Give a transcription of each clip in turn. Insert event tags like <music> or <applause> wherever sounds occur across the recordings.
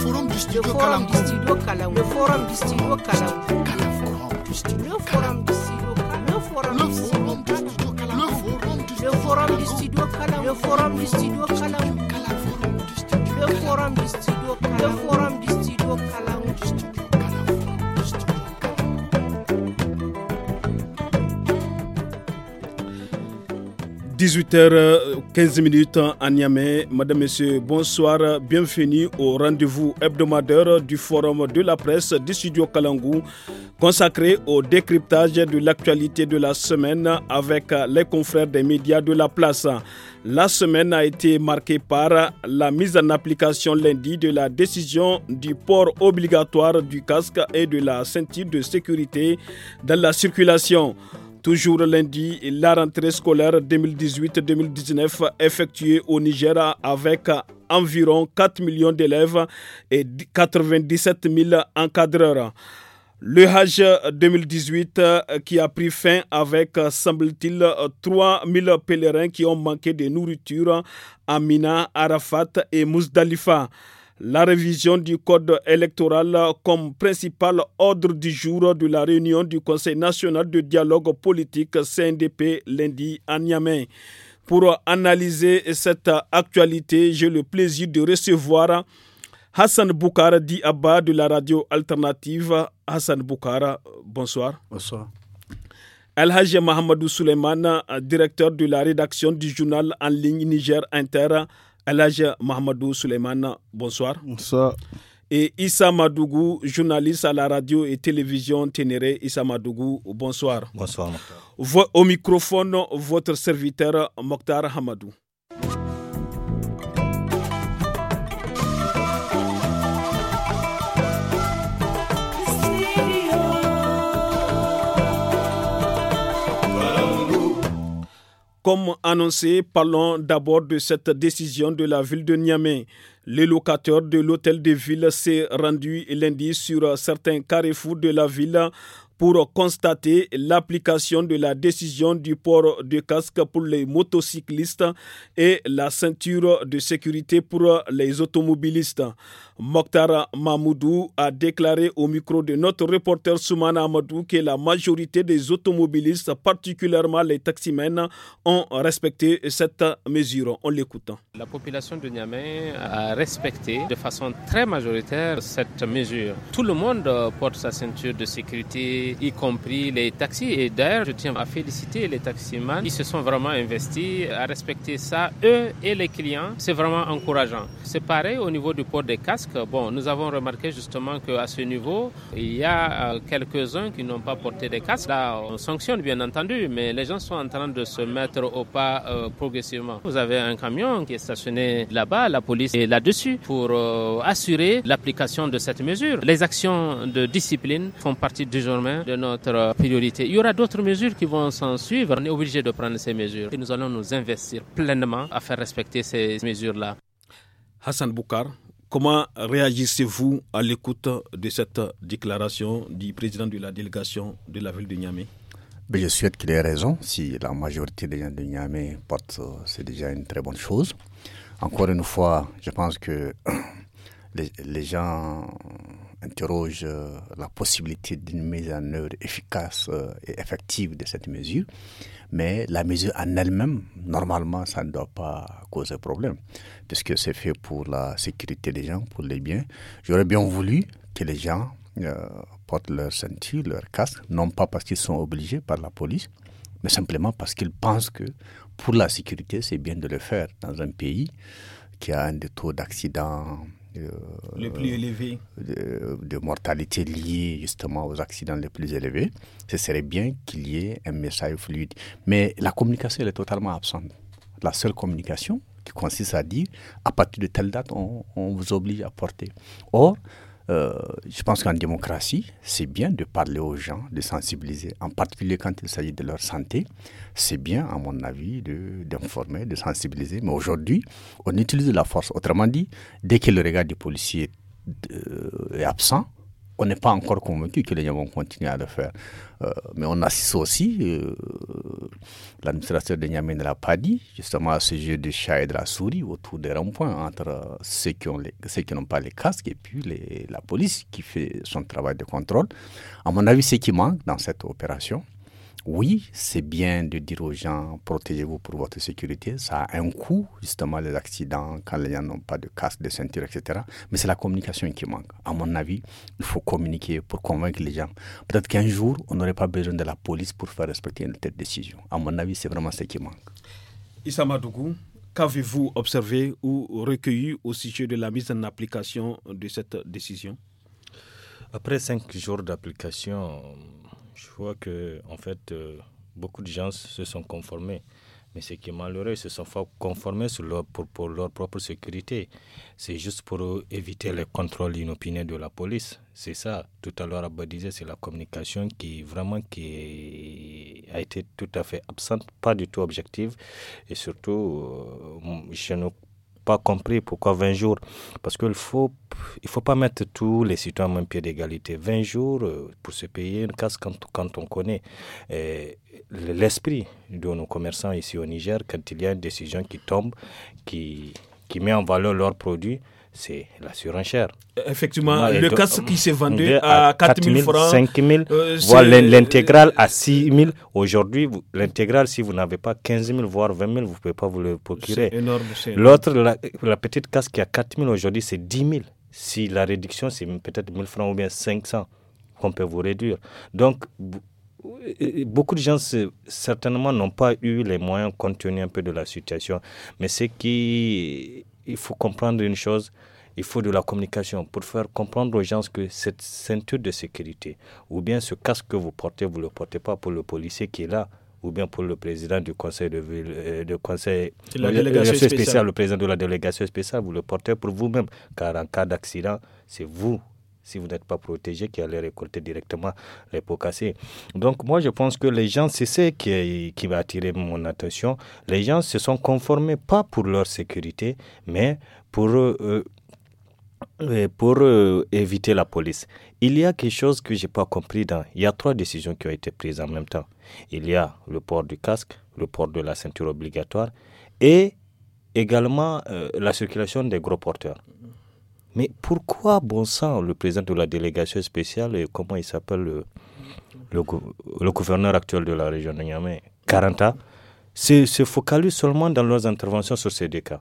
forum du studio Le forum du studio Kalangu. Le forum Le forum du Le forum du studio Le forum du Le forum du Le forum du 18h15 à Niamey. Madame, Messieurs, bonsoir. Bienvenue au rendez-vous hebdomadaire du Forum de la presse du studio Kalangou consacré au décryptage de l'actualité de la semaine avec les confrères des médias de la place. La semaine a été marquée par la mise en application lundi de la décision du port obligatoire du casque et de la ceinture de sécurité dans la circulation. Toujours lundi, la rentrée scolaire 2018-2019 effectuée au Niger avec environ 4 millions d'élèves et 97 000 encadreurs. Le Hajj 2018 euh, qui a pris fin avec, euh, semble-t-il, 3 euh, 000 pèlerins qui ont manqué de nourriture à Mina, Arafat et Mousdalifa. La révision du code électoral comme principal ordre du jour de la réunion du Conseil national de dialogue politique CNDP lundi à Niamey. Pour analyser cette actualité, j'ai le plaisir de recevoir Hassan Boukara Di Abba de la radio alternative. Hassan Boukara, bonsoir. Bonsoir. Alhaji Mohamedou Souleymane, directeur de la rédaction du journal en ligne Niger Inter. Alage Mahamadou Souleymane, bonsoir. Bonsoir. Et Issa Madougou, journaliste à la radio et télévision Ténéré. Issa Madougou, bonsoir. Bonsoir. Au microphone, votre serviteur Mokhtar Hamadou. Comme annoncé, parlons d'abord de cette décision de la ville de Niamey. Les locataires de l'hôtel de ville s'est rendu lundi sur certains carrefours de la ville pour constater l'application de la décision du port de casque pour les motocyclistes et la ceinture de sécurité pour les automobilistes. Mokhtar Mamoudou a déclaré au micro de notre reporter Soumana Amadou que la majorité des automobilistes, particulièrement les taximens, ont respecté cette mesure. en l'écoutant. La population de Niamey a respecté de façon très majoritaire cette mesure. Tout le monde euh, porte sa ceinture de sécurité, y compris les taxis. Et d'ailleurs, je tiens à féliciter les taximens Ils se sont vraiment investis à respecter ça, eux et les clients. C'est vraiment encourageant. C'est pareil au niveau du port des casques bon, nous avons remarqué justement qu'à ce niveau, il y a euh, quelques-uns qui n'ont pas porté des casques. Là, on sanctionne bien entendu, mais les gens sont en train de se mettre au pas euh, progressivement. Vous avez un camion qui est stationné là-bas, la police est là-dessus pour euh, assurer l'application de cette mesure. Les actions de discipline font partie désormais de notre priorité. Il y aura d'autres mesures qui vont s'en suivre. On est obligé de prendre ces mesures et nous allons nous investir pleinement à faire respecter ces mesures-là. Hassan Boukar, Comment réagissez-vous à l'écoute de cette déclaration du président de la délégation de la ville de Niamey ben, Je souhaite qu'il ait raison. Si la majorité des gens de Niamey portent, euh, c'est déjà une très bonne chose. Encore une fois, je pense que <clears throat> les gens interroge euh, la possibilité d'une mise en œuvre efficace euh, et effective de cette mesure. Mais la mesure en elle-même, normalement, ça ne doit pas causer problème, puisque c'est fait pour la sécurité des gens, pour les biens. J'aurais bien voulu que les gens euh, portent leur ceinture, leur casque, non pas parce qu'ils sont obligés par la police, mais simplement parce qu'ils pensent que pour la sécurité, c'est bien de le faire dans un pays qui a un des taux d'accidents le plus élevé De, mortalité liée justement aux accidents les plus élevés, ce serait bien qu'il y ait un message fluide. Mais la communication, elle est totalement absente. La seule communication qui consiste à dire, à partir de telle date, on vous oblige à porter. Or, euh, je pense qu'en démocratie, c'est bien de parler aux gens, de sensibiliser, en particulier quand il s'agit de leur santé. C'est bien, à mon avis, d'informer, de, de, sensibiliser. Mais aujourd'hui, on utilise la force. Autrement dit, dès que le regard du policier euh, est absent, on n'est pas encore convaincu que les gens vont continuer à le faire. Euh, mais on assiste aussi, euh, l'administrateur de ne l'a pas dit, justement à ce jeu de chat et de la souris autour des ronds-points entre euh, ceux qui, n'ont pas les casques et puis les, la police qui fait son travail de contrôle. À mon avis, ce qui manque dans cette opération, oui, c'est bien de dire aux gens, protégez-vous pour votre sécurité. Ça a un coût, justement, les accidents, quand les gens n'ont pas de casque, de ceinture, etc. Mais c'est la communication qui manque. À mon avis, il faut communiquer pour convaincre les gens. Peut-être qu'un jour, on n'aurait pas besoin de la police pour faire respecter une telle décision. À mon avis, c'est vraiment ce qui manque. Issa qu'avez-vous observé ou recueilli au sujet de la mise en application de cette décision Après cinq jours d'application, je vois que en fait euh, beaucoup de gens se sont conformés. Mais ce qui est malheureux, ils se sont conformés sur pour, leur propre sécurité. C'est juste pour éviter les contrôles inopinés de la police. C'est ça. Tout à l'heure, Abba disait, c'est la communication qui vraiment qui a été tout à fait absente, pas du tout objective. Et surtout, chez euh, je pas compris pourquoi 20 jours. Parce qu'il ne faut, il faut pas mettre tous les citoyens un pied d'égalité. 20 jours euh, pour se payer une casse quand, on connaît euh, l'esprit de nos commerçants ici au Niger, quand il y a une décision qui tombe, qui, qui met en valeur leurs produits c'est la surenchère. Effectivement, le casque qui s'est vendu à 4 000 francs, 5 000, euh, voire l'intégrale à 6 000. Euh, aujourd'hui, l'intégrale, si vous n'avez pas 15 000, voire 20 000, vous ne pouvez pas vous le procurer. L'autre, la, la, petite casque qui a 4 000 aujourd'hui, c'est 10 000. Si la réduction, c'est peut-être 1 000 francs ou bien 500 qu'on peut vous réduire. Donc, euh, beaucoup de gens certainement n'ont pas eu les moyens compte tenu un peu de la situation. Mais ce qui il faut comprendre une chose, il faut de la communication pour faire comprendre aux gens que cette ceinture de sécurité, ou bien ce casque que vous portez, vous ne le portez pas pour le policier qui est là, ou bien pour le président du conseil de ville, euh, de conseil, euh, le président de la délégation spéciale, vous le portez pour vous-même, car en cas d'accident, c'est vous si vous n'êtes pas protégé, qui allait récolter directement les pots cassés. Donc moi, je pense que les gens, c'est ce qui, qui va attirer mon attention. Les gens se sont conformés, pas pour leur sécurité, mais pour, euh, euh, pour euh, éviter la police. Il y a quelque chose que je n'ai pas compris. il y a trois décisions qui ont été prises en même temps. Il y a le port du casque, le port de la ceinture obligatoire et également la circulation des gros porteurs. Mais pourquoi, bon sang, le président de la délégation spéciale, et comment il s'appelle le, gouverneur actuel de la région de Niamey, 40 se, focalise seulement dans leurs interventions sur ces deux cas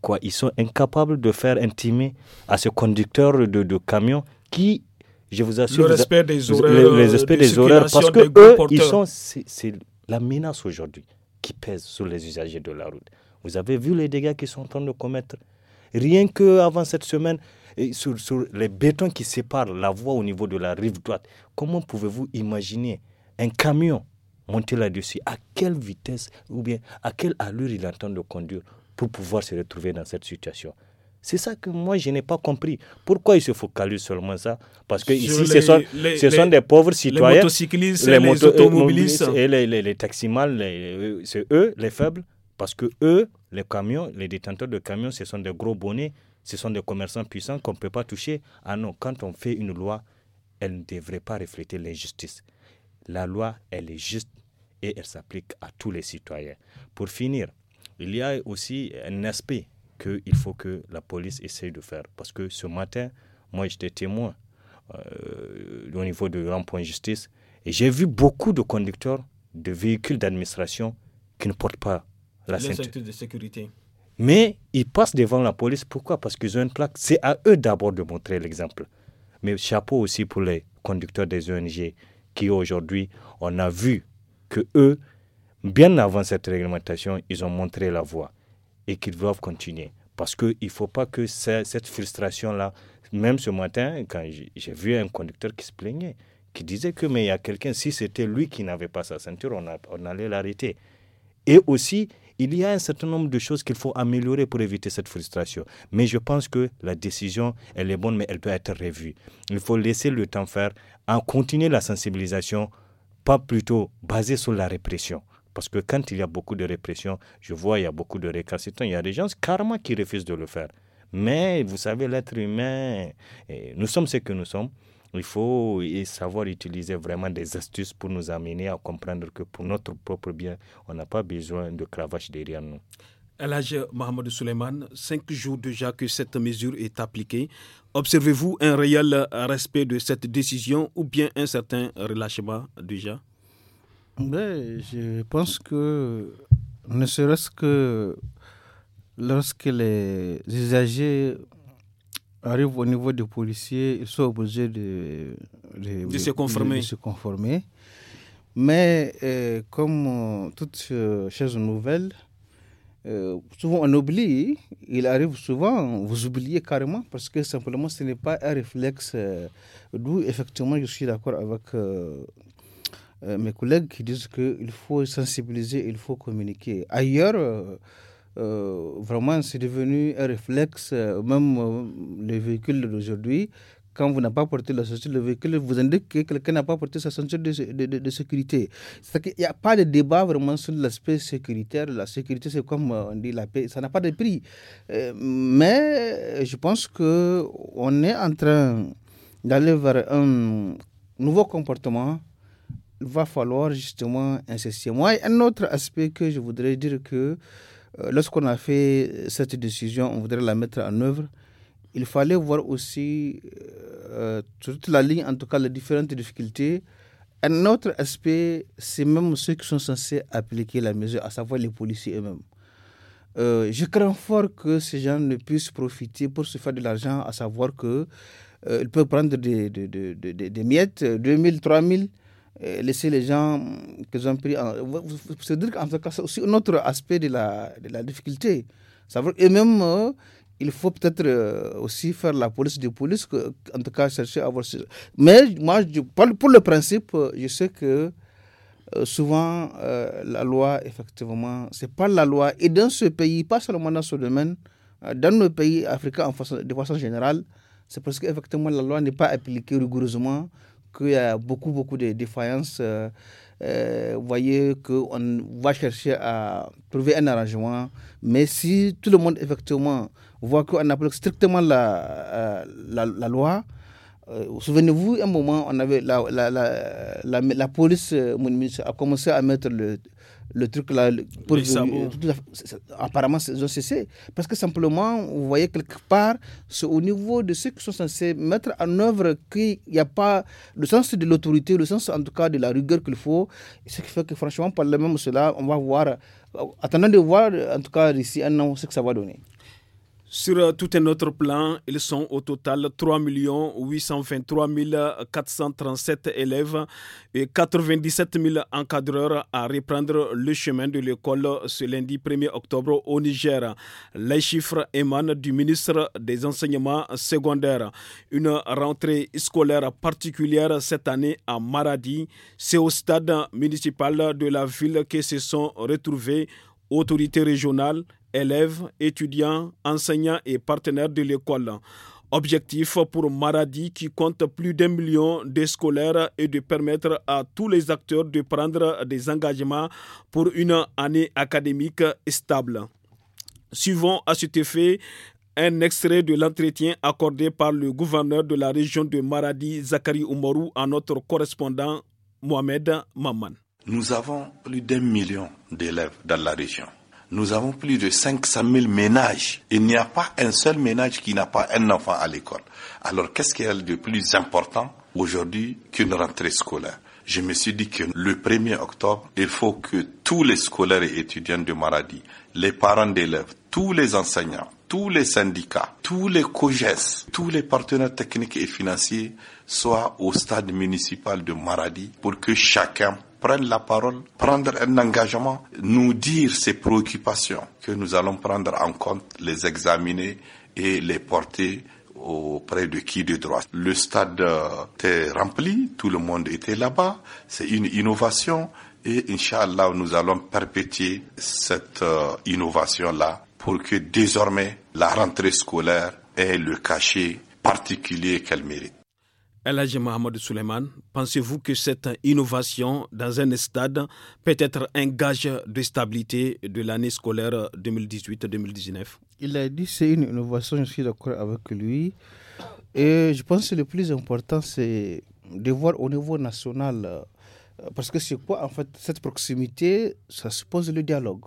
Quoi, ils sont incapables de faire intimer à ce conducteur de, camions camion qui, je vous assure, le respect des horaires, le, des, horaires parce que ils sont, c'est la menace aujourd'hui qui pèse sur les usagers de la route. Vous avez vu les dégâts qu'ils sont en train de commettre Rien que avant cette semaine, sur, sur les bétons qui séparent la voie au niveau de la rive droite, comment pouvez-vous imaginer un camion monter là-dessus À quelle vitesse ou bien à quelle allure il entend de conduire pour pouvoir se retrouver dans cette situation c'est ça que moi je n'ai pas compris. Pourquoi il se focalise seulement ça Parce que ici, ce, sont, ce sont des pauvres citoyens. Les motocyclistes, les, automobilistes. Et les, taximales, euh, c'est eux les faibles. Parce que eux, les camions, les détenteurs de camions, ce sont des gros bonnets, ce sont des commerçants puissants qu'on ne peut pas toucher. Ah non, quand on fait une loi, elle ne devrait pas refléter l'injustice. La loi, elle est juste et elle s'applique à tous les citoyens. Pour finir, il y a aussi un aspect qu'il faut que la police essaye de faire. Parce que ce matin, moi, j'étais témoin euh, au niveau de Grand Point Justice et j'ai vu beaucoup de conducteurs de véhicules d'administration qui ne portent pas la ceinture. de sécurité. Mais ils passent devant la police. Pourquoi Parce qu'ils ont une plaque. C'est à eux d'abord de montrer l'exemple. Mais chapeau aussi pour les conducteurs des ONG qui aujourd'hui, on a vu que eux, bien avant cette réglementation, ils ont montré la voie et qu'ils doivent continuer. Parce qu'il ne faut pas que cette frustration-là, même ce matin, quand j'ai vu un conducteur qui se plaignait, qui disait que mais il y a quelqu'un, si c'était lui qui n'avait pas sa ceinture, on, on allait l'arrêter. Et aussi, il y a un certain nombre de choses qu'il faut améliorer pour éviter cette frustration. Mais je pense que la décision, elle est bonne, mais elle doit être revue. Il faut laisser le temps faire, en continuer la sensibilisation, pas plutôt basée sur la répression. Parce que quand il y a beaucoup de répression, je vois, il y a beaucoup de récalcitrants, il y a des gens carrément qui refusent de le faire. Mais vous savez, l'être humain, nous sommes ce que nous sommes. Il faut savoir utiliser vraiment des astuces pour nous amener à comprendre que pour notre propre bien, on n'a pas besoin de cravache derrière nous. L'âge Mohamed Suleiman, cinq jours déjà que cette mesure est appliquée. Observez-vous un réel respect de cette décision ou bien un certain relâchement déjà Mais Je pense que ne serait-ce que lorsque les usagers arrive au niveau des policiers, ils sont obligés de, se, conformer. Mais euh, comme euh, toute euh, chose nouvelle, souvent on oublie, il arrive souvent, vous oubliez carrément, parce que simplement ce n'est pas un réflexe. D'où effectivement je suis d'accord avec mes collègues qui disent qu'il faut sensibiliser, il faut communiquer. Ailleurs, euh, vraiment, c'est devenu un réflexe, euh, même euh, les véhicules d'aujourd'hui. Quand vous n'avez pas porté la ceinture de véhicule, vous indiquez que quelqu'un n'a pas porté sa ceinture de, de, de, sécurité. cest qu'il n'y a pas de débat vraiment sur l'aspect sécuritaire. La sécurité, c'est comme on dit la paix, ça n'a pas de prix. mais je pense qu'on est en train d'aller vers un nouveau comportement il va falloir justement insister. Moi, un autre aspect que je voudrais dire que euh, lorsqu'on a fait cette décision, on voudrait la mettre en œuvre. Il fallait voir aussi, euh, toute la ligne, en tout cas les différentes difficultés. Un autre aspect, c'est même ceux qui sont censés appliquer la mesure, à savoir les policiers eux-mêmes. Euh, je crains fort que ces gens ne puissent profiter pour se faire de l'argent, à savoir qu'ils peuvent prendre des, miettes, des, des, des miettes, euh, laisser les gens mm, que ont pris. En... C'est dire qu'en tout cas, c'est aussi un autre aspect de la, de la difficulté. et même, euh, il faut peut-être euh, aussi faire la police des police. en tout cas, chercher à avoir. Mais moi, pour le principe, je sais que souvent, la loi, effectivement, c'est pas la loi. Et dans ce pays, pas seulement dans ce domaine, dans nos pays africains en de façon générale, c'est parce qu'effectivement, la loi n'est pas appliquée rigoureusement qu'il y a beaucoup, beaucoup de défaillances. Euh, euh, vous voyez qu'on va chercher à trouver un arrangement, mais si tout le monde, effectivement, voit qu'on applique strictement la, euh, la, loi, souvenez-vous, un moment, on avait la, la, la, la police a commencé à mettre le, le truc là, pour euh, apparemment, ils ont cessé. Parce que simplement, vous voyez quelque part, c'est au niveau de ceux qui sont censés mettre en œuvre qu'il n'y a pas le sens de l'autorité, le sens en tout cas de la rigueur qu'il faut. Ce qui fait que franchement, par le même cela, on va voir, euh, attendant de voir en tout cas d'ici un an ce que ça va donner. Sur euh, tout un autre plan, ils sont au total 3 823 437 élèves et 97 000 encadreurs à reprendre le chemin de l'école ce lundi 1er octobre au Niger. Les chiffres émanent du ministre des Enseignements secondaires. Une rentrée scolaire particulière cette année à Maradi. C'est au stade municipal de la ville que se sont retrouvés autorités régionales, élèves, étudiants, enseignants et partenaires de l'école. Objectif pour Maradi qui compte plus d'un million de scolaires et de permettre à tous les acteurs de prendre des engagements pour une année académique stable. Suivons à cet effet un extrait de l'entretien accordé par le gouverneur de la région de Maradi, Zachary Oumarou, à notre correspondant Mohamed Maman. Nous avons plus d'un million d'élèves dans la région nous avons plus de 500 000 ménages. Il n'y a pas un seul ménage qui n'a pas un enfant à l'école. Alors qu'est-ce qui est le plus important aujourd'hui qu'une rentrée scolaire Je me suis dit que le 1er octobre, il faut que tous les scolaires et étudiants de Maradi, les parents d'élèves, tous les enseignants, tous les syndicats, tous les COGES, tous les partenaires techniques et financiers soient au stade municipal de Maradi pour que chacun Prendre la parole, prendre un engagement, nous dire ses préoccupations que nous allons prendre en compte, les examiner et les porter auprès de qui de droit. Le stade était euh, rempli, tout le monde était là-bas, c'est une innovation et Inch'Allah, nous allons perpétuer cette euh, innovation-là pour que désormais la rentrée scolaire ait le cachet particulier qu'elle mérite. Elhaj Mohamed Souleiman, pensez-vous que cette innovation dans un stade peut être un gage de stabilité de l'année scolaire 2018-2019 Il a dit c'est une innovation, je suis d'accord avec lui. Et je pense que le plus important, c'est de voir au niveau national. Euh, parce que c'est quoi, en fait, cette proximité Ça suppose le dialogue.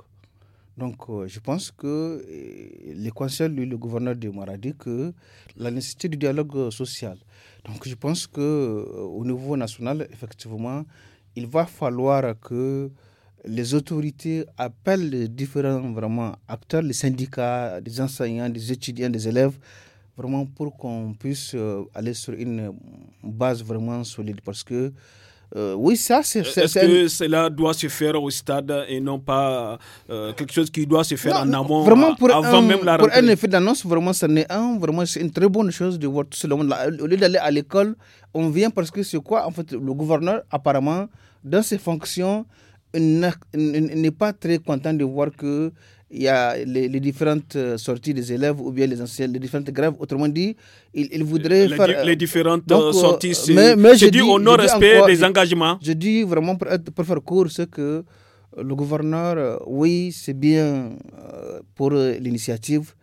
Donc, euh, je pense que euh, les conseils, lui, le gouverneur de Maradi, que la nécessité du dialogue social. Donc je pense que euh, au niveau national, effectivement, il va falloir que les autorités appellent les différents vraiment acteurs, les syndicats, les enseignants, les étudiants, les élèves, vraiment pour qu'on puisse euh, aller sur une base vraiment solide. Parce que euh, oui, ça, c'est. Est, Est-ce que cela doit se faire au stade et non pas euh, quelque chose qui doit se faire en amont, vraiment pour avant même la Pour un effet d'annonce, vraiment, ça n'est un. Vraiment, c'est une très bonne chose de voir tout le monde. Au lieu d'aller à l'école, on vient parce que c'est quoi En fait, le gouverneur, apparemment, dans ses fonctions, n'est pas très content de voir que il y a les, différentes euh, sorties des élèves ou bien les anciens, les différentes grèves. Autrement dit, ils, voudraient faire. Les euh, différentes euh, sorties, c'est je dis, au non-respect des engagements. Je dis vraiment pour, pour faire court ce que le gouverneur, oui, c'est bien pour l'initiative,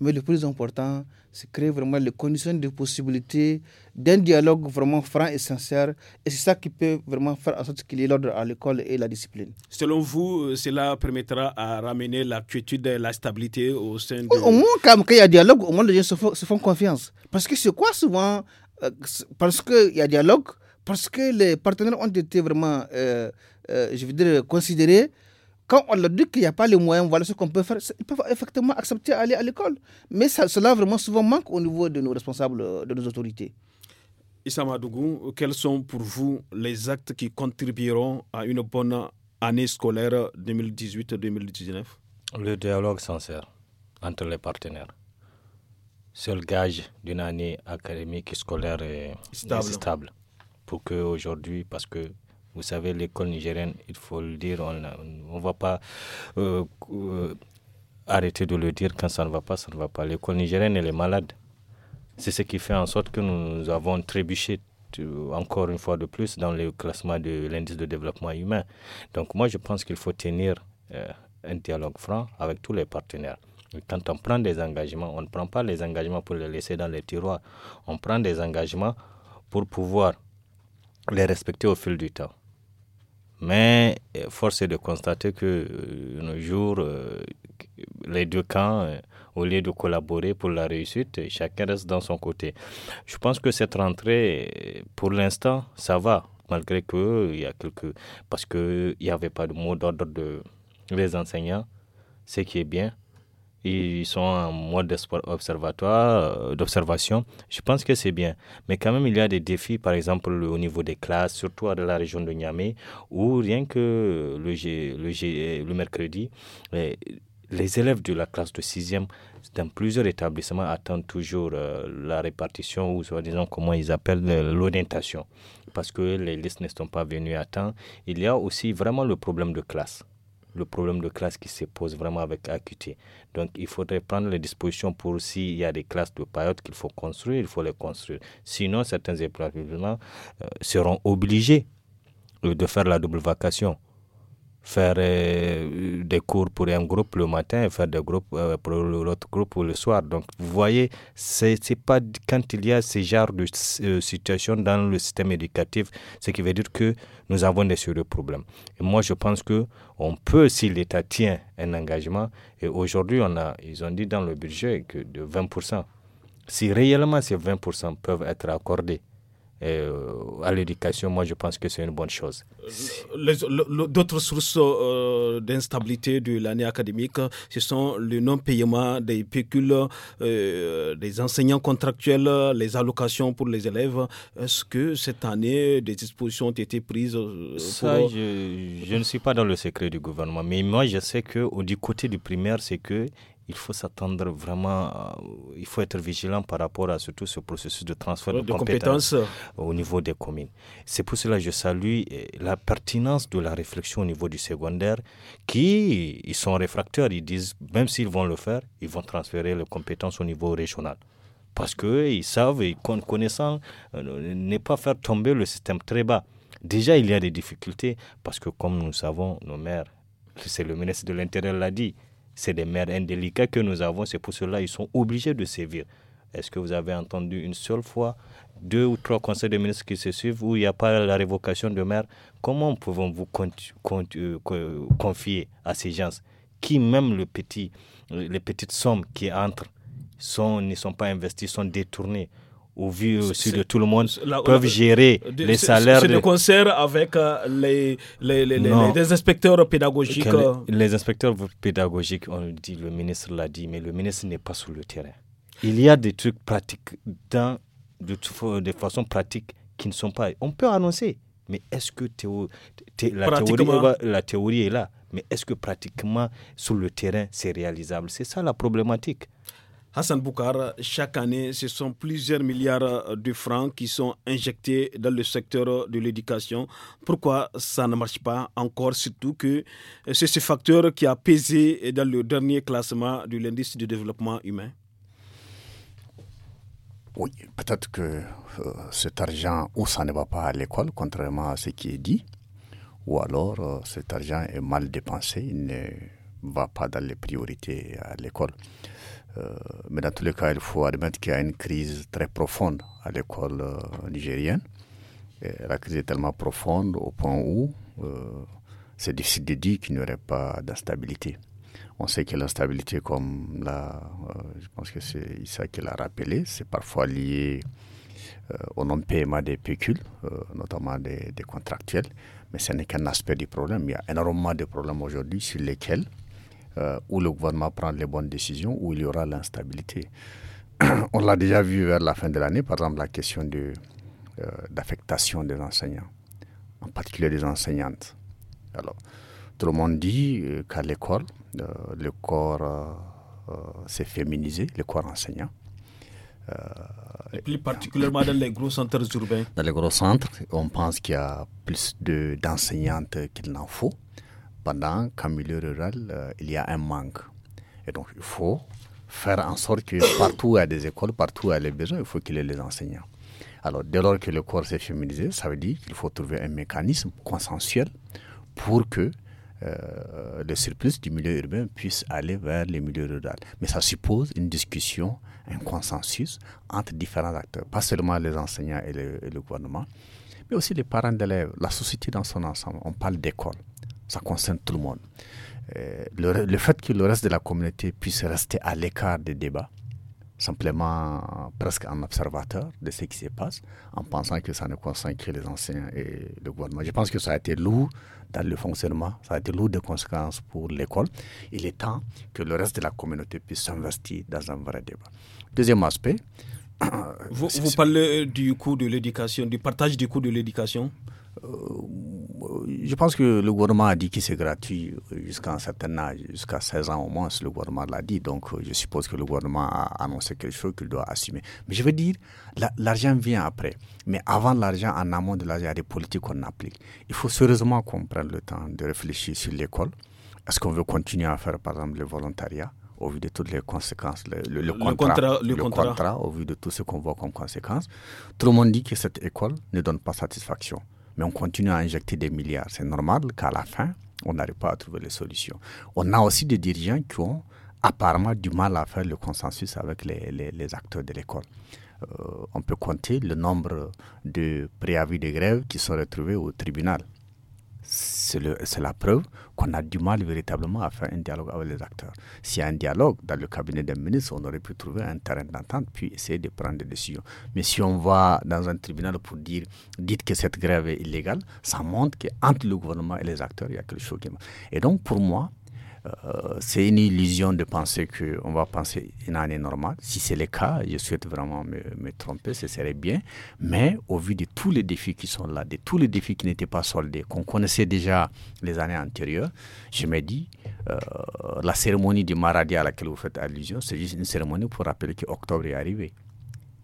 mais le plus important, c'est créer vraiment les conditions de possibilité d'un dialogue vraiment franc et sincère. Et c'est ça qui peut vraiment faire en sorte qu'il y ait l'ordre à l'école et la discipline. Selon vous, euh, cela permettra à ramener la et la stabilité au sein de... Au moins, quand il y a dialogue, au moins les gens se font, confiance. Parce que c'est quoi souvent euh, Parce qu'il y a dialogue, parce que les partenaires ont été vraiment, euh, je veux dire, considérés quand on leur dit qu'il n'y a pas les moyens, voilà ce qu'on peut faire, ils peuvent effectivement accepter d'aller à l'école. Mais cela vraiment souvent manque au niveau de nos responsables, euh, de nos autorités. Issa quels sont pour vous les actes qui contribueront à une bonne année scolaire 2018-2019 Le dialogue sincère entre les partenaires. Seul gage d'une année académique scolaire et stable. stable. Pour aujourd'hui, parce que vous savez, l'école nigérienne, il faut le dire, on ne va pas euh, euh, arrêter de le dire quand ça ne va pas, ça ne va pas. L'école nigérienne, elle est malade. C'est ce qui fait en sorte que nous avons trébuché encore une fois de plus dans le classement de l'indice de développement humain. Donc moi, je pense qu'il faut tenir euh, un dialogue franc avec tous les partenaires. quand on prend des engagements, on ne prend pas les engagements pour les laisser dans les tiroirs. On prend des engagements pour pouvoir les respecter au fil du temps. Mais euh, force est de constater que jour, euh, jour euh, les deux camps, au lieu de collaborer pour la réussite, chacun reste dans son côté. Je pense que cette rentrée, pour l'instant, ça va, malgré qu'il y a quelques. parce il n'y avait pas de mot d'ordre de les enseignants, ce qui est bien ils sont en mode observatoire, euh, d'observation. Je pense que c'est bien. Mais quand même, il y a des défis, par exemple, au niveau des classes, surtout dans la région de Niamey, où rien que le, le, le mercredi, eh, les élèves de la classe de 6e dans plusieurs établissements attendent toujours euh, la répartition ou soi-disant comment ils appellent euh, l'orientation parce que les listes ne sont pas venues à temps. Il y a aussi vraiment le problème de classe le problème de classe qui se pose vraiment avec acuité. Donc il faudrait prendre les dispositions pour s'il y a des classes de période qu'il faut construire, il faut les construire. Sinon, certains établissements euh, seront obligés euh, de faire la double vacation faire euh, des cours pour un groupe le matin et faire des groupes euh, pour l'autre groupe le soir. Donc, vous voyez, c'est pas quand il y a ce genre de euh, situation dans le système éducatif, ce qui veut dire que nous avons des sérieux problèmes. Et moi, je pense que on peut, si l'État tient un engagement, et aujourd'hui, on a, ils ont dit dans le budget que de 20%, si réellement ces 20% peuvent être accordés euh, à l'éducation, moi je pense que c'est une bonne chose. Euh, d'autres sources euh, d'instabilité de l'année académique, ce sont le non-paiement des pécules, des enseignants contractuels, les allocations pour les élèves. Est-ce que cette année, des dispositions ont été prises pour... Ça, je, je, ne suis pas dans le secret du gouvernement, mais moi je sais que du côté du primaire, c'est que il faut s'attendre vraiment, euh, il faut être vigilant par rapport à surtout ce processus de transfert de, compétences, au niveau des communes. C'est pour cela que je salue eh, la pertinence de la réflexion au niveau du secondaire, qui ils sont réfractaires, ils disent même s'ils vont le faire, ils vont transférer les compétences au niveau régional. Parce qu'ils eh, savent, ils connaissant, euh, ne pas faire tomber le système très bas. Déjà, il y a des difficultés, parce que comme nous savons, nos maires, c'est le ministre de l'Intérieur l'a dit, c'est des maires indélicats que nous avons, c'est pour cela qu'ils sont obligés de sévir. Est-ce que vous avez entendu une seule fois deux ou trois conseils de ministres qui se suivent où il n'y a pas la révocation de maires Comment pouvons nous euh, confier à ces gens qui, même le petit, euh, les petites sommes qui entrent, ne sont pas investies, sont détournées au vu aussi de tout le monde, peuvent gérer les salaires. C'est de... le concert avec euh, les, les, les, inspecteurs pédagogiques. Euh. Les, inspecteurs pédagogiques, on dit, le ministre l'a dit, mais le ministre n'est pas sur le terrain. Il y a des trucs pratiques, dans, de, de façon pratique, qui ne sont pas. On peut annoncer, mais est-ce que la, théorie, la théorie est là, mais est-ce que pratiquement, sur le terrain, c'est réalisable C'est ça la problématique. Hassan Boukar, chaque année, ce sont plusieurs milliards de francs qui sont injectés dans le secteur de l'éducation. Pourquoi ça ne marche pas encore, surtout que c'est ce facteur qui a pesé dans le dernier classement de l'indice de développement humain Oui, peut-être que euh, cet argent, ou ça ne va pas à l'école, contrairement à ce qui est dit, ou alors euh, cet argent est mal dépensé, il ne va pas dans les priorités à l'école. Euh, mais dans tous les cas, il faut admettre qu'il y a une crise très profonde à l'école euh, nigérienne. la crise est tellement profonde au point où euh, c'est difficile de dire qu'il n'y aurait pas d'instabilité. On sait que l'instabilité, comme la je pense que c'est Issa qui l'a rappelé, c'est parfois lié au non-paiement des pécules, notamment des, des, contractuels. Mais ce n'est qu'un aspect du problème. Il y a énormément de problèmes aujourd'hui sur lesquels euh, où le gouvernement prend les bonnes décisions, où il y aura l'instabilité. <clears throat> On l'a déjà vu vers la fin de l'année, par exemple la question euh, d'affectation de, des enseignants, en particulier des enseignantes. Alors, tout le monde dit euh, qu'à l'école, le corps s'est féminisé, le corps enseignant. Et plus particulièrement dans les gros centres urbains. Dans les gros centres, on pense qu'il y a plus d'enseignantes qu'il n'en faut pendant qu'en milieu rural, euh, il y a un manque. Et donc, il faut faire en sorte que <coughs> partout il y a des écoles, partout où il y a les besoins, il faut qu'il y ait les enseignants. Alors, dès lors que le corps s'est féminisé, ça veut dire qu'il faut trouver un mécanisme consensuel pour que euh, le surplus du milieu urbain puisse aller vers les milieux rural. Mais ça suppose une discussion, un consensus entre différents acteurs, pas seulement les enseignants et le, et le gouvernement, mais aussi les parents d'élèves, la société dans son ensemble. On parle d'école ça concerne tout le monde. Euh, le, fait que le reste de la communauté puisse rester à l'écart des débats, simplement presque en observateur de ce qui se passe, en pensant que ça ne concerne que les anciens et le gouvernement. Je pense que ça a été lourd dans le fonctionnement, ça a été lourd de conséquences pour l'école. Il est temps que le reste de la communauté puisse s'investir dans un vrai débat. Deuxième aspect. Vous, <coughs> parlez du coût de l'éducation, du partage du coût de l'éducation euh, euh, je pense que le gouvernement a dit que c'est gratuit euh, jusqu'à un certain âge, jusqu'à 16 ans au moins, le gouvernement l'a dit. Donc, euh, je suppose que le gouvernement a annoncé quelque chose qu'il doit assumer. Mais je veux dire, l'argent vient après. Mais avant l'argent, en amont de l'argent, il y a des politiques qu'on applique. Il faut sérieusement qu'on prenne le temps de réfléchir sur l'école. Est-ce qu'on veut continuer à faire, par exemple, le volontariat au vu de toutes les conséquences, le, contrat, contrat, au vu de tout ce qu'on voit comme conséquences. Tout le monde dit que cette école ne donne pas satisfaction mais on continue à injecter des milliards. C'est normal qu'à la fin, on n'arrive pas à trouver les solutions. On a aussi des dirigeants qui ont apparemment du mal à faire le consensus avec les, acteurs de l'école. Euh, on peut compter le nombre de préavis de grève qui sont retrouvés au tribunal c'est la preuve qu'on a du mal véritablement à faire un dialogue avec les acteurs. S'il y a un dialogue dans le cabinet des ministres, on aurait pu trouver un terrain d'entente puis essayer de prendre des décisions. Mais si on va dans un tribunal pour dire dites que cette grève est illégale, ça montre qu'entre le gouvernement et les acteurs, il y a quelque chose qui Et donc pour moi, euh, c'est une illusion de penser qu'on va penser une année normale. Si c'est le cas, je souhaite vraiment me, tromper, ce serait bien. Mais au vu de tous les défis qui sont là, de tous les défis qui n'étaient pas soldés, qu'on connaissait déjà les années antérieures, je me dis, euh, la cérémonie du maradi à laquelle vous faites allusion, c'est juste une cérémonie pour rappeler qu'octobre est arrivé.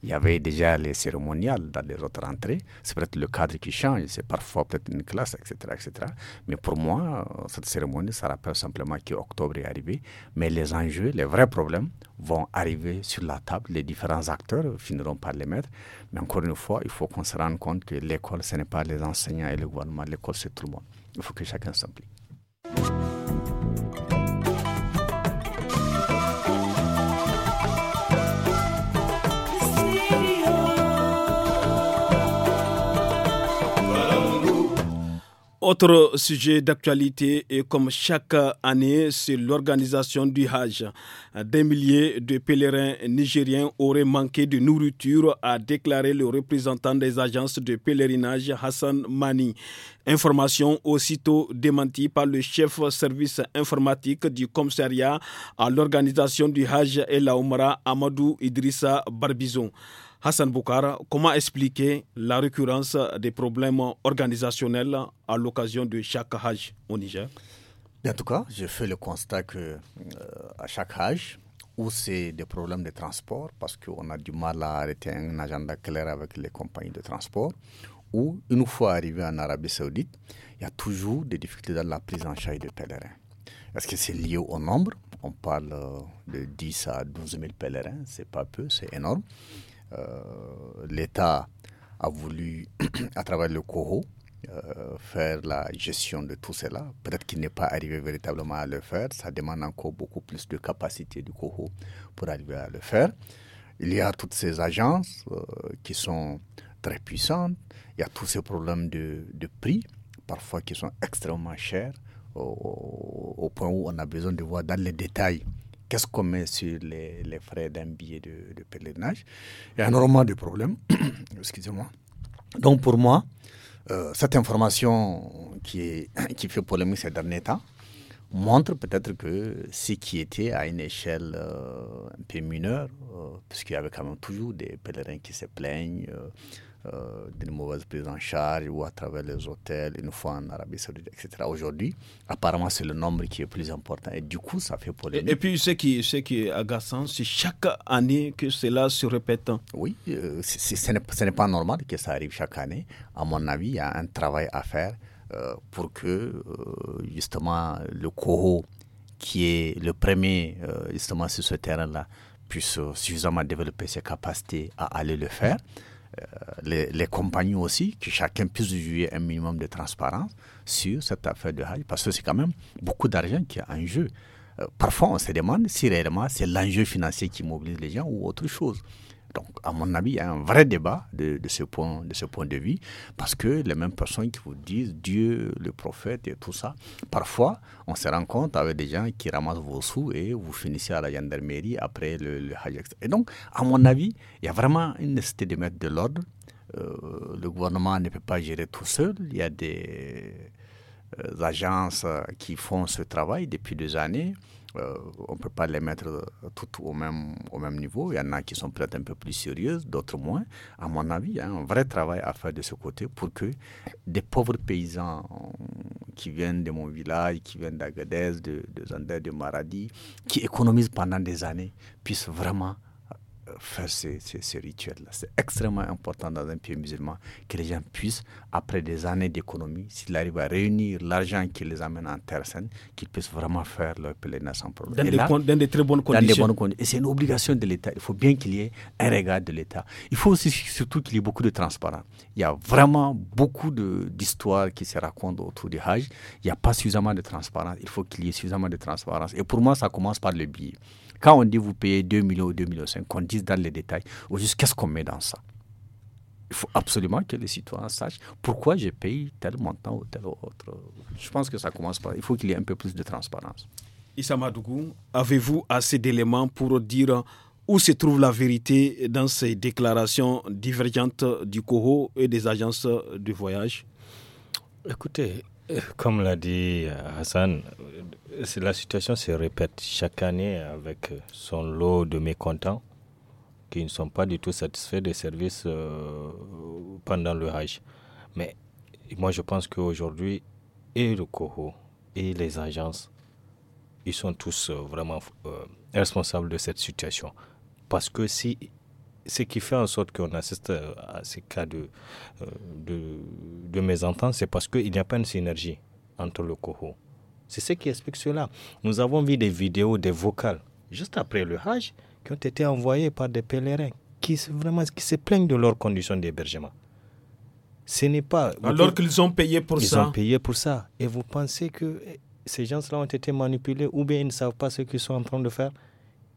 Il y avait déjà les cérémoniales dans les autres entrées. C'est peut-être le cadre qui change, c'est parfois peut-être une classe, etc., etc. Mais pour moi, euh, cette cérémonie, ça rappelle simplement qu'octobre est arrivé. Mais les enjeux, les vrais problèmes vont arriver sur la table. Les différents acteurs finiront par les mettre. Mais encore une fois, il faut qu'on se rende compte que l'école, ce n'est pas les enseignants et le gouvernement. L'école, c'est tout le monde. Il faut que chacun s'implique. Autre sujet d'actualité, est, comme chaque année, c'est l'organisation du Hajj. Des milliers de pèlerins nigériens auraient manqué de nourriture, a déclaré le représentant des agences de pèlerinage Hassan Mani. Information aussitôt démentie par le chef service informatique du commissariat à l'organisation du Hajj et la Omra, Amadou Idrissa Barbizon. Hassan Boukara, comment expliquer la récurrence des problèmes organisationnels à l'occasion de chaque Hajj au Niger En tout cas, je fais le constat que euh, à chaque Hajj, où c'est des problèmes de transport, parce qu'on a du mal à arrêter un agenda clair avec les compagnies de transport, ou une fois arrivé en Arabie Saoudite, il y a toujours des difficultés dans la prise en charge des pèlerins. Est-ce que c'est lié au nombre On parle euh, de 10 à 12 000 pèlerins, c'est pas peu, c'est énorme. Euh, l'État a voulu, <clears throat> à travers le COHO, euh, faire la gestion de tout cela. Peut-être qu'il n'est pas arrivé véritablement à le faire. Ça demande encore beaucoup plus de capacité du COHO pour arriver à le faire. Il y a toutes ces agences euh, qui sont très puissantes. Il y a tous ces problèmes de, prix, parfois qui sont extrêmement chers, au, point où on a besoin de voir dans les détails qu'est-ce qu'on met sur les, frais d'un billet de, pèlerinage. Il y a énormément de problèmes. <coughs> Excusez-moi. Donc pour moi, euh, cette information <coughs> qui, fait polémique ces derniers temps montre peut-être que ce qui était à une échelle euh, un peu mineure, euh, puisqu'il y avait quand même toujours des pèlerins qui se plaignent euh, d'une mauvaise prise en charge ou à travers les hôtels, une fois en Arabie Saoudite, etc. Aujourd'hui, apparemment, c'est le nombre qui est plus important et du coup, ça fait polémique. Et, puis, ce qui, ce qui est agaçant, c'est chaque année que cela se répète. Oui, euh, ce n'est pas normal que ça arrive chaque année. À mon avis, il y a un travail à faire euh, pour que, justement, le coho, qui est le premier, justement, sur ce terrain-là, puisse suffisamment développer ses capacités à aller le faire. Euh, les, compagnies aussi, que chacun puisse jouer un minimum de transparence sur cette affaire de Hajj, parce que c'est quand même beaucoup d'argent qui est en jeu. Euh, parfois, on se demande si réellement c'est l'enjeu financier qui mobilise les gens ou autre chose. Donc, à mon avis, il y a un vrai débat de, ce, point, de vue, parce que les mêmes personnes qui vous disent Dieu, le prophète et tout ça, parfois, on se rend compte avec des gens qui ramassent vos sous et vous finissez à la gendarmerie après le, hajj. Et donc, à mon avis, il y a vraiment une nécessité de mettre de l'ordre. Euh, le gouvernement ne peut pas gérer tout seul. Il y a des euh, agences euh, qui font ce travail depuis des années. Euh, on ne peut pas les mettre euh, toutes au même, au même niveau. Il y en a qui sont peut-être un peu plus sérieuses, d'autres moins. À mon avis, il y a un vrai travail à faire de ce côté pour que des pauvres paysans qui viennent de mon village, qui viennent d'Agadez, de, de Zander, de Maradi, qui économisent pendant des années, puissent vraiment faire ce rituel là C'est extrêmement important dans un pays musulman que les gens puissent, après des années d'économie, s'ils arrivent à réunir l'argent qui les amène en terre saine, qu'ils puissent vraiment faire leur pèlerinage sans problème. Dans, des, dans très bonnes conditions. bonnes conditions. Et c'est une obligation de l'État. Il faut bien qu'il y ait un regard de l'État. Il faut aussi surtout qu'il y ait beaucoup de transparence. Il y a vraiment beaucoup d'histoires qui se racontent autour du Hajj. Il n'y a pas suffisamment de transparence. Il faut qu'il y ait suffisamment de transparence. Et pour moi, ça commence par le billet. Quand on dit vous payez 2 millions ou 2 millions qu'on dise dans les détails, qu'est-ce qu'on met dans ça il faut absolument que les citoyens sachent pourquoi j'ai payé tel montant ou tel autre. Je pense que ça commence par. Il faut qu'il y ait un peu plus de transparence. Issa avez-vous assez d'éléments pour dire où se trouve la vérité dans ces déclarations divergentes du COHO et des agences de voyage Écoutez, euh, comme l'a dit euh, Hassan, euh, la situation se répète chaque année avec son lot de mécontents qui ne sont pas du tout satisfaits des services pendant le Hajj. Mais moi, je pense qu'aujourd'hui, et le COHO et les agences, ils sont tous vraiment responsables de cette situation. Parce que si ce qui fait en sorte qu'on assiste euh, à ces cas de, euh, de, de mésentente, c'est parce qu'il n'y a pas une synergie entre le coho. C'est ce qui explique cela. Nous avons vu des vidéos, des vocales, juste après le Hajj, qui ont été envoyées par des pèlerins qui, vraiment, qui se plaignent de leurs conditions d'hébergement. Ce n'est pas. Alors qu'ils ont payé pour ça. Ils ont payé pour ça. Et vous pensez que eh, ces gens-là ont été manipulés ou bien ils ne savent pas ce qu'ils sont en train de faire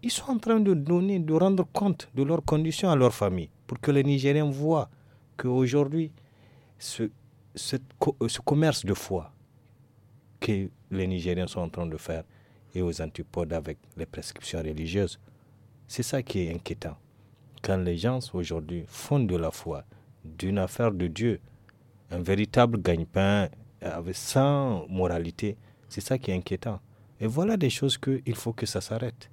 ils sont en train de donner, de rendre compte de leurs conditions à leur famille, pour que les Nigériens voient qu'aujourd'hui, ce, euh, ce, commerce de foi que les Nigériens sont en train de faire et aux antipodes avec les prescriptions religieuses. C'est ça qui est inquiétant. Quand les gens aujourd'hui font de la foi, d'une affaire de Dieu, un véritable gagne-pain euh, sans moralité, c'est ça qui est inquiétant. Et voilà des choses qu'il faut que ça s'arrête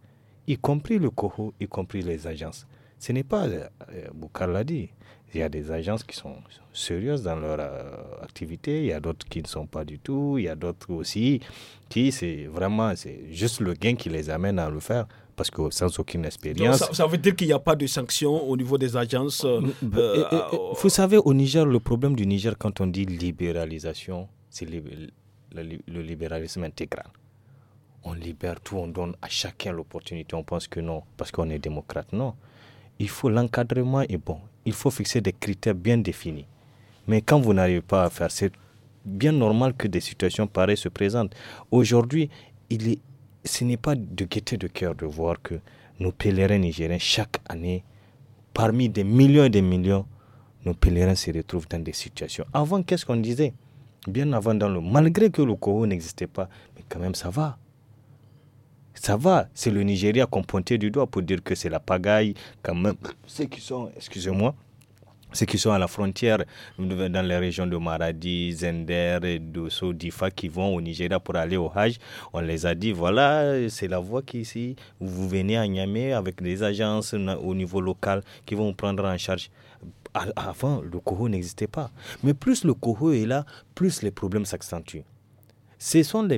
y compris le COHO, y compris les agences. Ce n'est pas, euh, Boukar l'a dit, il y a des agences qui sont sérieuses dans leur euh, activité, il y a d'autres qui ne sont pas du tout, il y a d'autres aussi qui, c'est vraiment, c'est juste le gain qui les amène à le faire parce que sans aucune expérience. Ça, ça, veut dire qu'il n'y a pas de sanctions au niveau des agences. Euh, mm, mm, vous savez, au Niger, le problème du Niger, quand on dit libéralisation, c'est le, le libéralisme intégral on libère tout, on donne à chacun l'opportunité. On pense que non, parce qu'on est démocrate. Non. Il faut l'encadrement et bon. Il faut fixer des critères bien définis. Mais quand vous n'arrivez pas à faire, c'est bien normal que des situations pareilles se présentent. Aujourd'hui, il ce n'est pas de gaieté de cœur de voir que nos pèlerins nigériens, chaque année, parmi des millions et des millions, nos pèlerins se retrouvent dans des situations. Avant, qu'est-ce qu'on disait Bien avant dans le... Malgré que le Congo n'existait pas, mais quand même, ça va ça va, c'est le Nigeria qu'on pointait du doigt pour dire que c'est la pagaille, quand même. Ceux qui sont, excusez-moi, ceux qui sont à la frontière dans les régions de Maradi, Zender, et de qui vont au Nigeria pour aller au Hajj, on les a dit voilà, c'est la voie qui ici, vous venez à Niamey avec des agences au niveau local qui vont vous prendre en charge. Avant, le coho n'existait pas. Mais plus le coho est là, plus les problèmes s'accentuent. Ce sont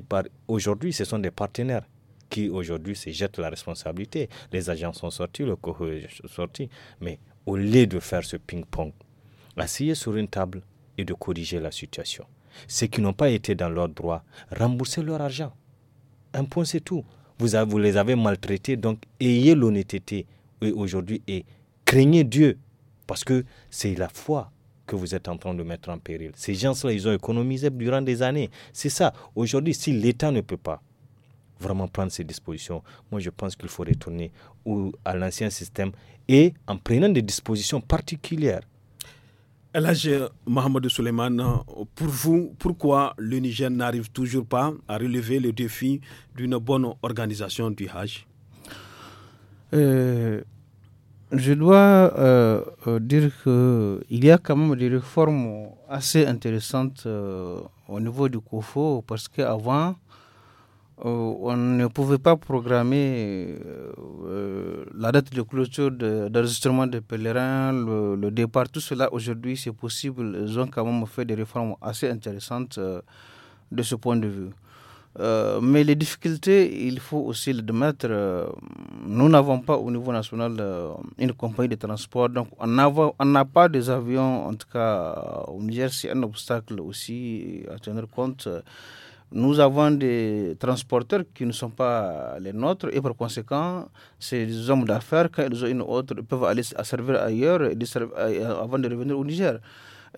aujourd'hui, ce sont des partenaires qui aujourd'hui se jettent la responsabilité. Les agents sont sortis, le coho est sorti. Mais au lieu de faire ce ping-pong, asseyez sur une table et de corriger la situation. Ceux qui n'ont pas été dans leur droit, remboursez leur argent. Un point, c'est tout. Vous, vous les avez maltraités, donc ayez l'honnêteté aujourd'hui et craignez Dieu. Parce que c'est la foi que vous êtes en train de mettre en péril. Ces gens-là, ils ont économisé durant des années. C'est ça. Aujourd'hui, si l'État ne peut pas, vraiment prendre ces dispositions. Moi, je pense qu'il faut retourner ou à l'ancien système et en prenant des dispositions particulières. Elage Mohamed Souleymane, pour vous, pourquoi le Niger n'arrive toujours pas à relever le défi d'une bonne organisation du Hajj euh, Je dois euh, euh dire qu'il y a quand même des réformes assez intéressantes euh, au niveau du COFO parce qu'avant, euh, on ne pouvait pas programmer euh, euh, la date de clôture d'enregistrement des pèlerins, le, départ, tout cela aujourd'hui c'est possible. Ils ont quand même fait des réformes assez intéressantes de ce point de vue. mais les difficultés, il faut aussi le admettre. nous n'avons pas au niveau national une compagnie de transport, donc on n'a pas des avions. En tout cas, au Niger, c'est un obstacle aussi à tenir compte. Nous avons des transporteurs qui ne sont pas les nôtres et par conséquent, ces hommes d'affaires, quand ils ont une autre, peuvent aller à servir ailleurs euh, avant de revenir au Niger.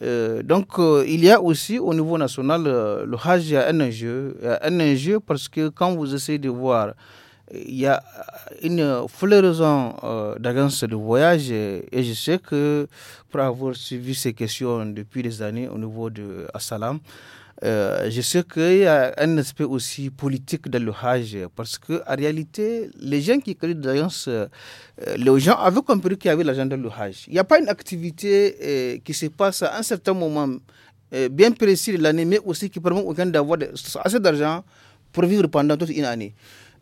Euh, donc, euh, il y a aussi au niveau national, le Hajj, a un enjeu. a un enjeu parce que quand vous essayez de voir, il y a une floraison d'agences de voyage et, et, je sais que pour avoir suivi ces questions depuis des années au niveau de Assalam, euh, je sais qu'il y a un aspect aussi politique dans le Hajj, parce que en réalité, les gens qui créent des euh, les gens avaient compris qu'il y avait l'agenda dans le Il n'y a pas une activité euh, qui se passe à un certain moment bien précis de l'année, mais aussi qui permet aux gens d'avoir assez d'argent pour vivre pendant toute une année.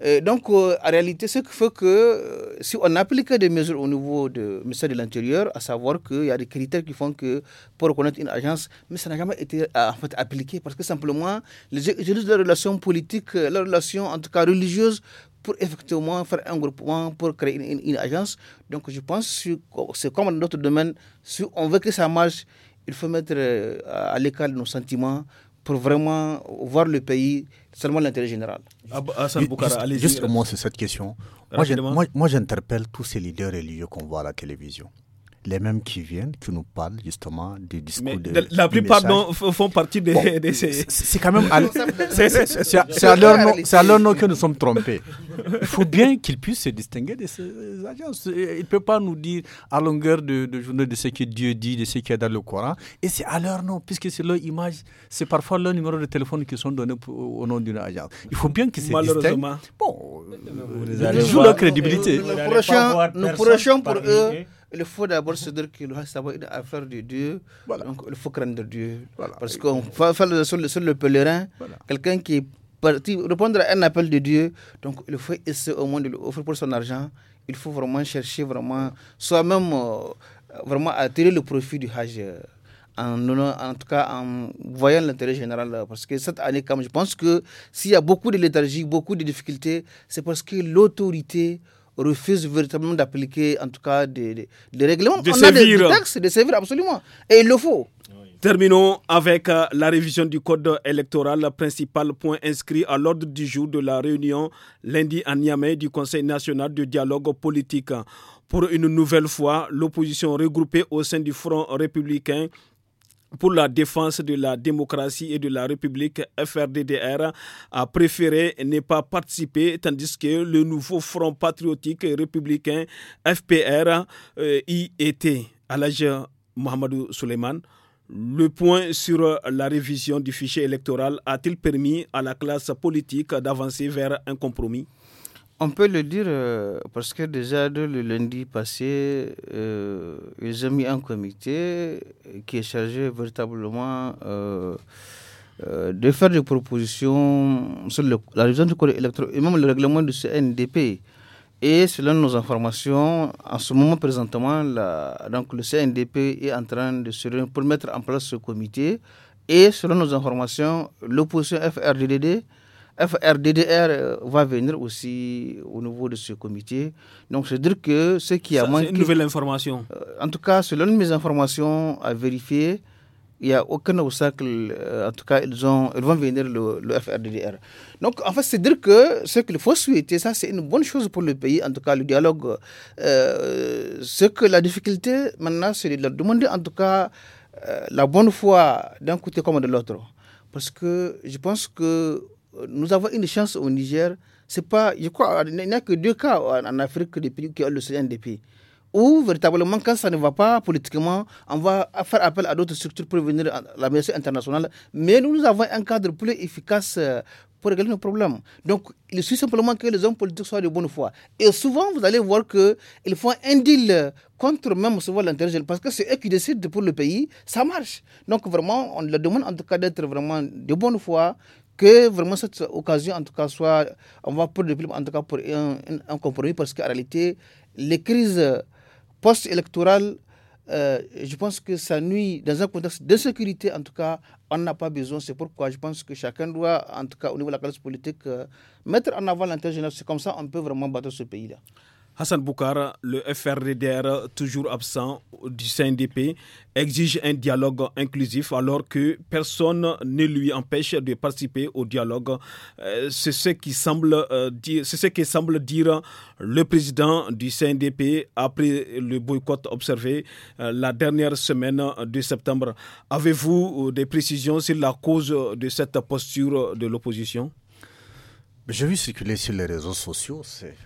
Euh, donc, euh, en réalité, ce qui fait que euh, si on applique des mesures au niveau du ministère de l'Intérieur, à savoir qu'il y a des critères qui font que pour reconnaître une agence, mais ça n'a jamais été appliqué parce que simplement, les utilisent leurs relations politiques, la relations en tout cas religieuses pour effectivement faire un groupement, pour créer une, agence. Donc, je pense que c'est comme dans d'autres domaines, si on veut que ça marche, il faut mettre à l'écart nos sentiments pour vraiment voir le pays seulement l'intérêt général. Juste, sur cette question. Moi, j'interpelle tous ces leaders lieux qu'on voit à la télévision les mêmes qui viennent, qui nous parlent justement des discours. de, la plupart font partie de, ces. C'est quand même. C'est à leur nom que nous sommes trompés. Il faut bien qu'ils puissent se distinguer de ces agences. Ils ne peuvent pas nous dire à longueur de, journée de ce que Dieu dit, de ce qu'il y a dans le Coran. Et c'est à leur nom, puisque c'est leur image, c'est parfois leur numéro de téléphone qui sont donnés au nom d'une agence. Il faut bien qu'ils se distinguent. Bon, euh, ils jouent leur crédibilité. Nous prêchons pour eux il faut d'abord se dire qu'il reste savoir affaire de Dieu. Donc, il faut craindre Dieu. Parce qu'on va faire sur, le, pèlerin, quelqu'un qui est parti répondre à un appel de Dieu, donc il faut essayer au moins de lui offrir pour son argent. Il faut vraiment chercher, vraiment, soi-même, euh, vraiment attirer le profit du Hajj. Euh, en, en, tout cas, en voyant l'intérêt général. Euh, parce que cette année, comme je pense que s'il y a beaucoup de léthargie, beaucoup de difficultés, c'est parce que l'autorité refuse véritablement d'appliquer, en tout cas, des, règlements. De on a des, de servir absolument. Et il le faut. Terminons avec euh, la révision du code électoral, le principal point inscrit à l'ordre du jour de la réunion lundi à Niamey du Conseil national de dialogue politique. Pour une nouvelle fois, l'opposition regroupée au sein du Front républicain pour la défense de la démocratie et de la République FRDDR a préféré ne pas participer, tandis que le nouveau Front patriotique républicain FPR euh, y était. À l'âge Mohamedou Souleyman. le point sur la révision du fichier électoral a-t-il permis à la classe politique d'avancer vers un compromis on peut le dire euh, parce que déjà le lundi passé, euh, ils ont mis un comité qui est chargé véritablement euh, de faire des propositions sur la révision du code électoral et même le règlement du CNDP. Et selon nos informations, en ce moment présentement, donc le CNDP est en train de se réunir pour mettre en place ce comité. Et selon nos informations, l'opposition FRDDD FRDDR euh, va venir aussi au niveau de ce comité. Donc, c'est dire que ce qui a C'est une nouvelle information. Euh, en tout cas, selon mes informations à vérifier, il n'y a aucun obstacle. Euh, en tout cas, ils, ont, ils vont venir le, FRDDR. Donc, en fait, c'est dire que ce qu'il faut souhaiter, ça, c'est une bonne chose pour le pays, en tout cas, le dialogue. ce que la difficulté, maintenant, c'est de leur demander, en tout cas, la bonne foi d'un côté comme de l'autre. Parce que je pense que nous avons une chance au Niger. C'est pas, je crois, il n'y a que deux cas en Afrique des pays qui ont le CNDP. Ou véritablement, quand ça ne va pas politiquement, on va faire appel à d'autres structures pour venir à la internationale. Mais nous, nous avons un cadre plus efficace euh, pour régler nos problèmes. Donc, il suffit simplement que les hommes politiques soient de bonne foi. Et souvent, vous allez voir qu'ils font un deal contre même souvent l'intérêt parce que c'est eux qui décident pour le pays, ça marche. Donc, vraiment, on leur demande en tout cas d'être vraiment de bonne foi, que vraiment cette occasion, en tout cas, soit, on va pour le problème en tout cas, pour un, compromis, parce qu'en réalité, les crises post-électorales, euh, je pense que ça nuit dans un contexte d'insécurité, en tout cas, on n'a pas besoin. C'est pourquoi je pense que chacun doit, en tout cas, au niveau de la classe politique, euh, mettre en avant l'intérêt général. C'est comme ça on peut vraiment battre ce pays-là. Hassan Boukar, le FRDR toujours absent du CNDP, exige un dialogue inclusif alors que personne ne lui empêche de participer au dialogue. Euh, c'est ce, qui semble, euh, dire, que semble dire le président du CNDP après le boycott observé euh, la dernière semaine de septembre. Avez-vous des précisions sur la cause de cette posture de l'opposition j'ai vu circuler sur les réseaux sociaux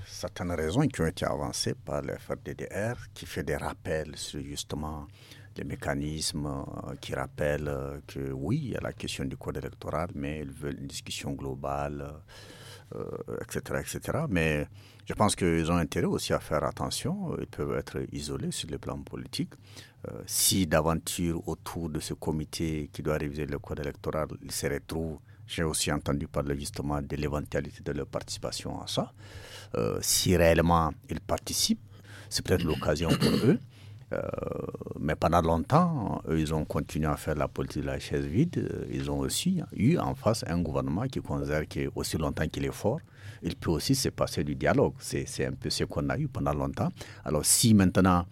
certaines raisons qui ont été avancées par le FDDR qui fait des rappels sur justement des mécanismes euh, qui rappellent euh, que oui, il y a la question du code électoral, mais ils veulent une discussion globale, etc., euh, etc. Mais je pense qu'ils ont intérêt aussi à faire attention. Ils peuvent être isolés sur le plan politique. si d'aventure autour de ce comité qui doit réviser le code électoral, il se retrouvent j'ai aussi entendu parler justement de l'éventualité de leur participation à ça. Euh, si réellement ils participent, c'est peut-être l'occasion pour eux. Euh, mais pendant longtemps, eux, ils ont continué à faire la politique de la chaise vide. Ils ont aussi eu en face un gouvernement qui considère qu'aussi longtemps qu'il est fort, il peut aussi se passer du dialogue. C'est un peu ce qu'on a eu pendant longtemps. Alors si maintenant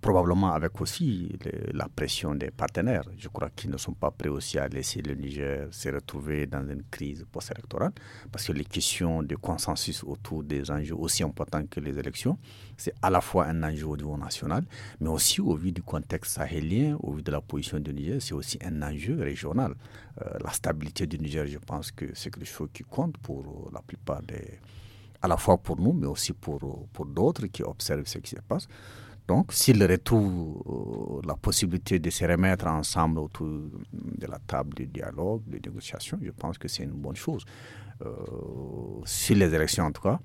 probablement avec aussi la pression des partenaires. Je crois qu'ils ne sont pas prêts aussi à laisser le Niger se retrouver dans une crise post-électorale, parce que les questions de consensus autour des enjeux aussi importants que les élections, c'est à la fois un enjeu au niveau national, mais aussi au vu du contexte sahélien, au vu de la position du Niger, c'est aussi un enjeu régional. Euh, la stabilité du Niger, je pense que c'est quelque chose qui compte pour euh, la plupart des... à la fois pour nous, mais aussi pour, euh, pour d'autres qui observent ce qui se passe. Donc, s'ils retrouvent euh, la possibilité de se remettre ensemble autour de la table du dialogue, de négociation, je pense que c'est une bonne chose. Euh, sur les élections, en tout cas,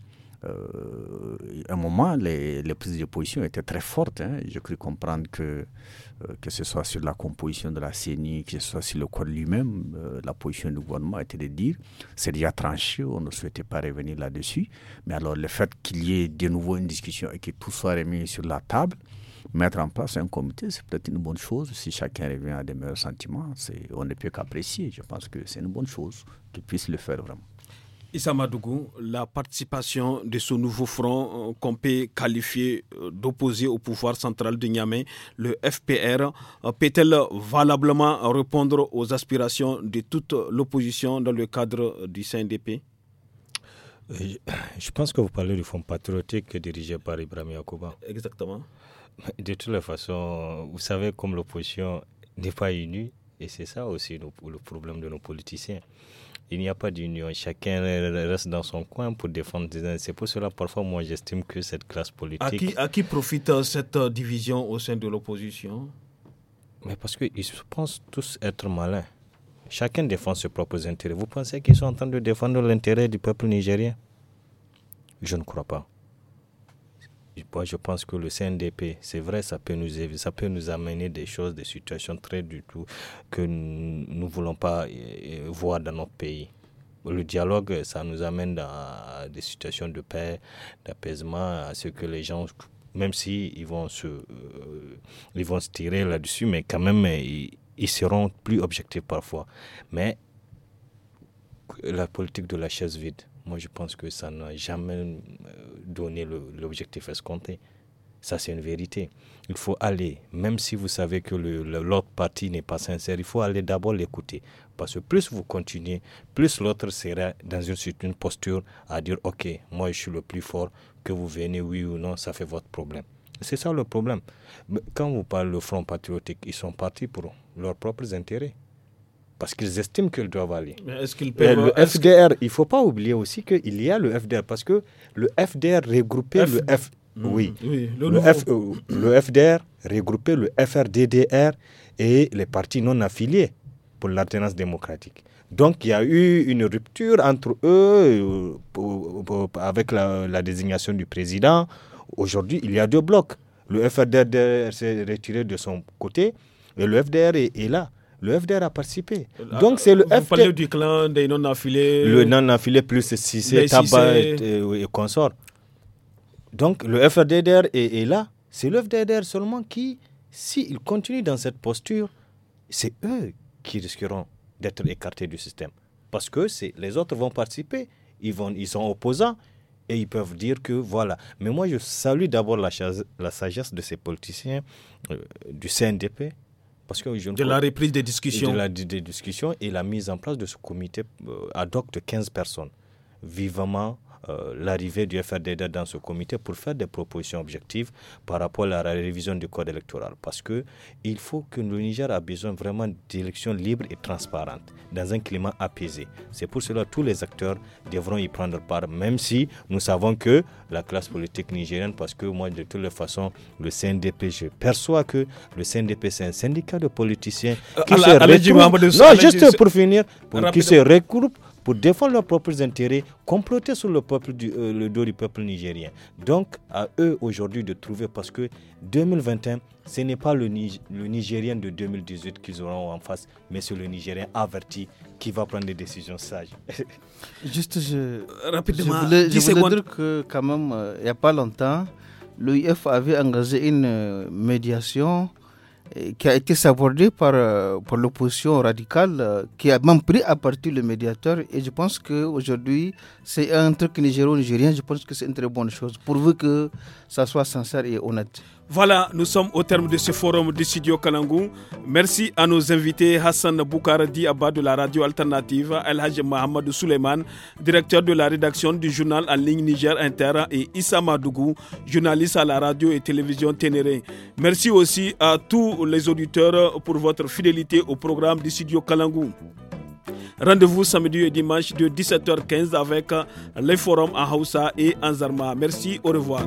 euh, à un moment, les, prises de position étaient très fortes. Je hein. J'ai comprendre que, euh, que ce soit sur la composition de la CENI, que ce soit sur le corps lui-même, euh, la position du gouvernement était de dire c'est déjà tranché, on ne souhaitait pas revenir là-dessus. Mais alors, le fait qu'il y ait de nouveau une discussion et que tout soit remis sur la table, mettre en place un comité, c'est peut-être une bonne chose. Si chacun revient à des meilleurs sentiments, on ne peut qu'apprécier. Je pense que c'est une bonne chose qu'il puisse le faire vraiment. Issa Madougou, la participation de ce nouveau front euh, qu'on peut qualifier euh, d'opposé au pouvoir central de Niamey, le FPR, euh, peut-elle valablement répondre aux aspirations de toute l'opposition dans le cadre du CNDP Je pense que vous parlez du Front patriotique dirigé par Ibrahim Yacouba. Exactement. De toutes les façons, vous savez, comme l'opposition n'est pas unie, et c'est ça aussi le problème de nos politiciens il n'y a pas d'union. Chacun reste dans son coin pour défendre des C'est pour cela, parfois, moi, j'estime que cette classe politique. À qui, à qui profite euh, cette euh, division au sein de l'opposition Mais parce qu'ils pensent tous être malins. Chacun défend ses propres intérêts. Vous pensez qu'ils sont en train de défendre l'intérêt du peuple nigérien Je ne crois pas je pense que le CNDP, c'est vrai, ça peut nous ça peut nous amener des choses, des situations très du tout que nous ne voulons pas euh, euh, voir dans notre pays. Le dialogue, ça nous amène à des situations de paix, d'apaisement, à ce que les gens même si vont se, euh, vont se tirer là-dessus, mais quand même, ils, seront plus objectifs parfois. Mais la politique de la chaise vide, moi je pense que ça n'a jamais euh, donné l'objectif escompté. Ça, c'est une vérité. Il faut aller, même si vous savez que l'autre partie n'est pas sincère, il faut aller d'abord l'écouter. Parce que plus vous continuez, plus l'autre sera dans une, posture à dire Ok, moi je suis le plus fort, que vous venez, oui ou non, ça fait votre problème. C'est ça le problème. Quand vous parlez le Front patriotique, ils sont partis pour leurs propres intérêts parce qu'ils estiment qu'ils doivent aller. est le FDR, il ne faut pas oublier aussi qu'il y a le FDR, parce que le FDR regroupait le F... Hmm, oui, le, FDR euh, regroupait le FRDDR et les partis non affiliés pour l'alternance démocratique. Donc il y a eu une rupture entre eux euh, euh, avec la, désignation du président. Aujourd'hui, il y a deux blocs. Le FRDDR s'est retiré de son côté et le FDR est là. Le FDR a participé. Euh, Donc c'est le vous du clan des non affilés Le non-affilé plus c'est ben, Tabac et, euh, Donc le FDR est, là. C'est le FDR seulement qui, s'il continue continuent dans cette posture, c'est eux qui risqueront d'être écartés du système. Parce que les autres vont participer, ils, vont, ils sont opposants et ils peuvent dire que voilà. Mais moi, je salue d'abord la, sagesse de ces politiciens euh, du CNDP parce que je de la reprise des discussions. De des discussions et la mise en place de ce comité euh, adopte 15 personnes, vivement euh, l'arrivée du FRDD dans ce comité pour faire des propositions objectives par rapport à la révision du code électoral. Parce que il faut que le Niger a besoin vraiment d'élections libres et transparentes, dans un climat apaisé. C'est pour cela que tous les acteurs devront y prendre part, même si nous savons que la classe politique nigérienne, parce que moi, de toutes les façons, le CNDP, je perçois que le CNDP, c'est un syndicat de politiciens qui se non, juste pour finir, pour qui se regroupent pour défendre leurs propres intérêts, comploter sur le, peuple euh, le dos du peuple nigérien. Donc, à eux aujourd'hui de trouver, parce que 2021, ce n'est pas le, le Nigérien de 2018 qu'ils auront en face, mais c'est le Nigérien averti qui va prendre des décisions sages. <laughs> Juste, rapidement, je voulais, dire que quand même, euh, il n'y a pas longtemps, l'UIF avait engagé une euh, médiation euh, qui a été sabordé par, euh, par l'opposition radicale, euh, qui a même pris à partie le médiateur. Et je pense qu'aujourd'hui, c'est un truc nigéro-nigérien, je pense que c'est une très bonne chose, pourvu que ça soit sincère et honnête. Voilà, nous sommes au terme de ce forum d'Issidio studio Kalangou. Merci à nos invités Hassan Boukardi Abba de la radio alternative, El Haj Mohamed Souleyman, directeur de la rédaction du journal en ligne Niger Inter et Issa Madougou, journaliste à la radio et télévision Ténéré. Merci aussi à tous les auditeurs pour votre fidélité au programme du studio Kalangou. Rendez-vous samedi et dimanche de 17h15 avec les forums à Hausa et Anzarma. Merci, au revoir.